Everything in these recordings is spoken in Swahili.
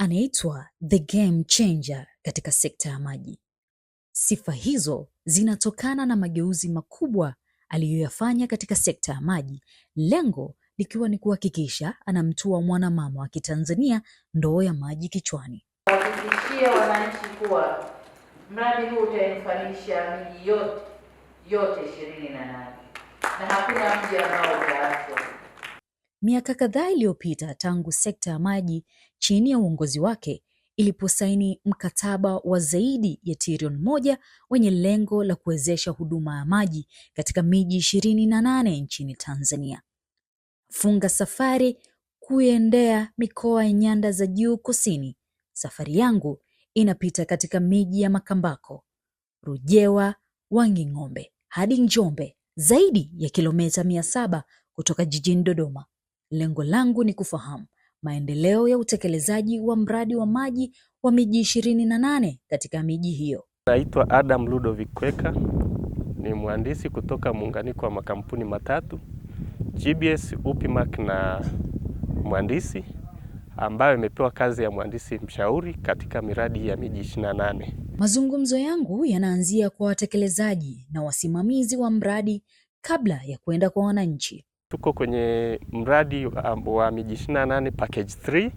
anaitwa the game changer katika sekta ya maji. Sifa hizo zinatokana na mageuzi makubwa aliyoyafanya katika sekta ya maji, lengo likiwa ni kuhakikisha anamtua mwanamama wa Kitanzania ndoo ya maji kichwani. Wahakikishie wananchi kuwa mradi huu utaimfanisha miji yote yote ishirini na nane na hakuna mji ambao utaaswa Miaka kadhaa iliyopita tangu sekta ya maji chini ya uongozi wake iliposaini mkataba wa zaidi ya trilioni moja wenye lengo la kuwezesha huduma ya maji katika miji ishirini na nane nchini Tanzania. Funga safari kuendea mikoa ya nyanda za juu kusini. Safari yangu inapita katika miji ya Makambako, Rujewa, Wanging'ombe hadi Njombe, zaidi ya kilomita mia saba kutoka jijini Dodoma. Lengo langu ni kufahamu maendeleo ya utekelezaji wa mradi wa maji wa miji ishirini na nane katika miji hiyo. Naitwa Adam Ludovic Kweka, ni mhandisi kutoka muunganiko wa makampuni matatu GBS, UPIMAC na mhandisi ambayo imepewa kazi ya mhandisi mshauri katika miradi ya miji 28. Mazungumzo yangu yanaanzia kwa watekelezaji na wasimamizi wa mradi kabla ya kwenda kwa wananchi. Tuko kwenye mradi um, wa miji 28 package 3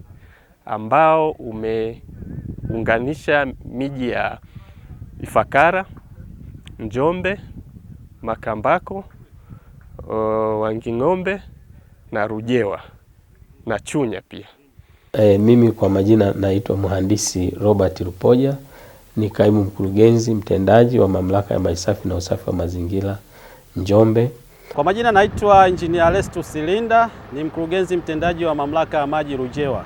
ambao umeunganisha miji ya Ifakara, Njombe, Makambako, Wanging'ombe na Rujewa na Chunya pia. E, mimi kwa majina naitwa mhandisi Robert rupoja ni kaimu mkurugenzi mtendaji wa mamlaka ya maji safi na usafi wa mazingira Njombe. Kwa majina naitwa Injinia Restu Silinda, ni mkurugenzi mtendaji wa mamlaka ya maji Rujewa.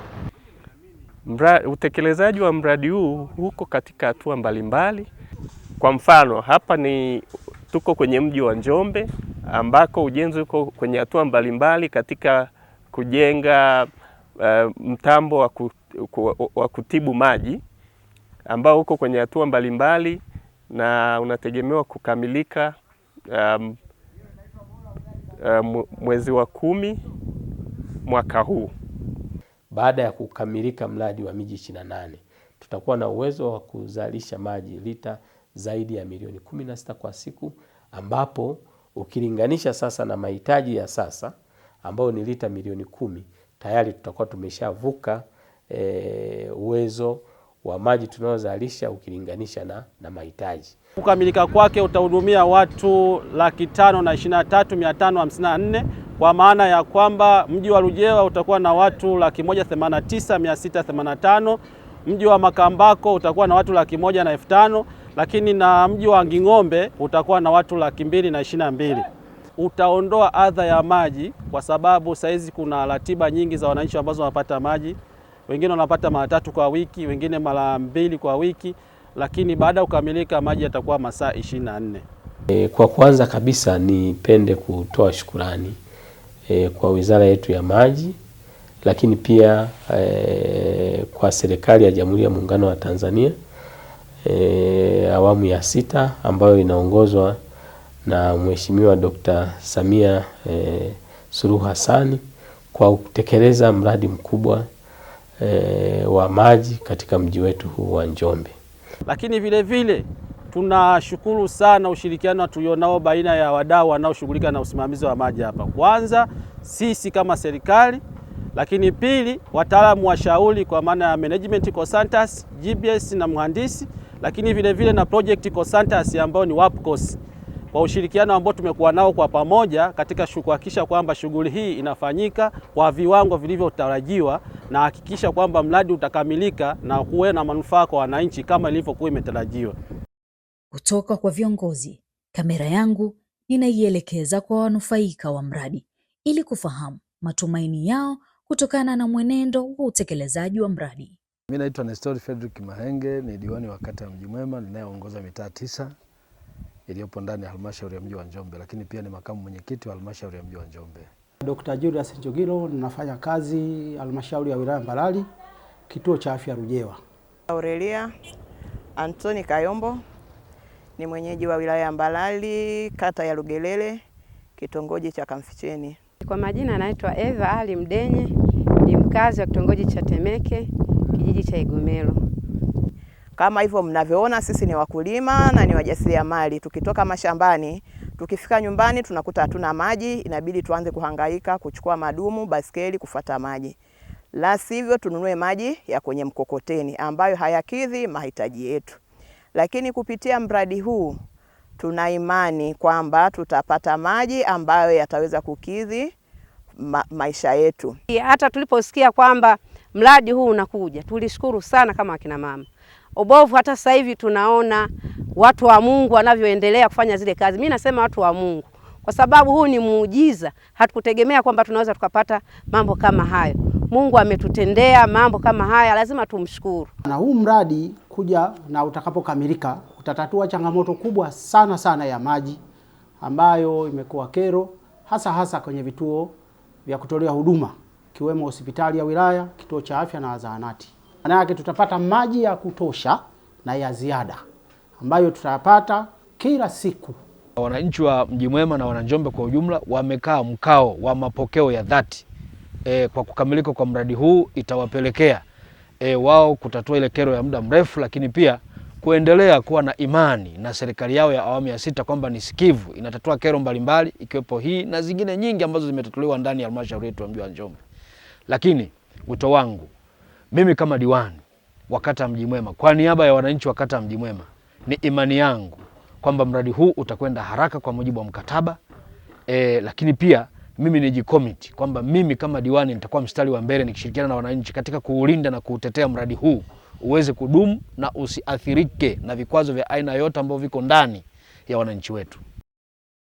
Mra, utekelezaji wa mradi huu huko katika hatua mbalimbali. Kwa mfano hapa ni tuko kwenye mji wa Njombe ambako ujenzi uko kwenye hatua mbalimbali katika kujenga uh, mtambo wa, ku, ku, wa kutibu maji ambao uko kwenye hatua mbalimbali na unategemewa kukamilika um, Eh, mwezi wa kumi mwaka huu. Baada ya kukamilika mradi wa miji 28 nane tutakuwa na uwezo wa kuzalisha maji lita zaidi ya milioni kumi na sita kwa siku, ambapo ukilinganisha sasa na mahitaji ya sasa ambayo ni lita milioni kumi tayari tutakuwa tumeshavuka e, uwezo wa maji tunaozalisha ukilinganisha na, na mahitaji. Kukamilika kwake utahudumia watu laki tano na ishirini na tatu mia tano hamsini na nne kwa maana ya kwamba mji wa rujewa utakuwa na watu laki moja themanini na tisa mia sita themanini na tano mji wa Makambako utakuwa na watu laki moja na elfu tano lakini na mji wa Nging'ombe utakuwa na watu laki mbili na ishirini na mbili. Utaondoa adha ya maji kwa sababu saizi kuna ratiba nyingi za wananchi ambazo wanapata maji wengine wanapata mara tatu kwa wiki, wengine mara mbili kwa wiki, lakini baada ya kukamilika maji yatakuwa masaa ishirini na nne. E, kwa kwanza kabisa nipende kutoa shukurani e, kwa wizara yetu ya maji lakini pia e, kwa serikali ya Jamhuri ya Muungano wa Tanzania e, awamu ya sita ambayo inaongozwa na Mheshimiwa Dr. Samia e, Suluhu Hassan kwa kutekeleza mradi mkubwa e, wa maji katika mji wetu huu wa Njombe. Lakini vile vile tunashukuru sana ushirikiano tulionao baina ya wadau wanaoshughulika na usimamizi wa maji hapa, kwanza sisi kama serikali, lakini pili wataalamu washauri kwa maana ya management consultants, GBS na mhandisi, lakini vile vile na project consultants ambao ni WAPCOS kwa ushirikiano ambao tumekuwa nao kwa pamoja katika kuhakikisha kwamba shughuli hii inafanyika kwa viwango vilivyotarajiwa na hakikisha kwamba mradi utakamilika na kuwe na manufaa kwa wananchi kama ilivyokuwa imetarajiwa. Kutoka kwa viongozi, kamera yangu ninaielekeza kwa wanufaika wa mradi ili kufahamu matumaini yao kutokana na mwenendo wa utekelezaji wa mradi. Mimi naitwa Nestor Fredrick Mahenge, ni diwani wa kata ya Mji Mwema ninayeongoza mitaa tisa iliyopo ndani ya halmashauri ya mji wa Njombe, lakini pia ni makamu mwenyekiti wa halmashauri ya mji wa Njombe. Dr. Julius Njogilo, ninafanya kazi halmashauri ya wilaya Mbalali, kituo cha afya Rujewa. Aurelia Antoni Kayombo ni mwenyeji wa wilaya ya Mbalali, kata ya Lugelele, kitongoji cha Kamficheni. Kwa majina anaitwa Eva Ali Mdenye, ni mkazi wa kitongoji cha Temeke, kijiji cha Igomelo. Kama hivyo mnavyoona, sisi ni wakulima na ni wajasiriamali. Tukitoka mashambani tukifika nyumbani tunakuta hatuna maji, inabidi tuanze kuhangaika kuchukua madumu, baskeli kufata maji, la sivyo tununue maji ya kwenye mkokoteni ambayo hayakidhi mahitaji yetu. Lakini kupitia mradi huu tuna imani kwamba tutapata maji ambayo yataweza kukidhi ma maisha yetu. Hata tuliposikia kwamba mradi huu unakuja, tulishukuru sana kama akina mama obovu. Hata sasa hivi tunaona watu wa Mungu wanavyoendelea kufanya zile kazi. Mimi nasema watu wa Mungu kwa sababu huu ni muujiza. Hatukutegemea kwamba tunaweza tukapata mambo kama hayo. Mungu ametutendea mambo kama haya, lazima tumshukuru. Na huu mradi kuja na utakapokamilika utatatua changamoto kubwa sana sana ya maji ambayo imekuwa kero hasa hasa kwenye vituo vya kutolea huduma ikiwemo hospitali ya wilaya, kituo cha afya na zahanati maana yake tutapata maji ya kutosha na ya ziada ambayo tutayapata kila siku. Wananchi wa Mji Mwema na Wananjombe kwa ujumla wamekaa mkao wa mapokeo ya dhati e, kwa kukamilika kwa mradi huu itawapelekea e, wao kutatua ile kero ya muda mrefu, lakini pia kuendelea kuwa na imani na serikali yao ya awamu ya sita kwamba ni sikivu, inatatua kero mbalimbali ikiwepo hii na zingine nyingi ambazo zimetatuliwa ndani ya halmashauri yetu ya Mji wa Njombe. Lakini wito wangu mimi kama diwani wa kata Mji Mwema, kwa niaba ya wananchi wa kata Mji Mwema, ni imani yangu kwamba mradi huu utakwenda haraka kwa mujibu wa mkataba e, lakini pia mimi nijikomiti kwamba mimi kama diwani nitakuwa mstari wa mbele nikishirikiana na wananchi katika kuulinda na kuutetea mradi huu uweze kudumu na usiathirike na vikwazo vya aina yote ambavyo viko ndani ya wananchi wetu.